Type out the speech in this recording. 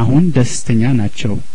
አሁን ደስተኛ ናቸው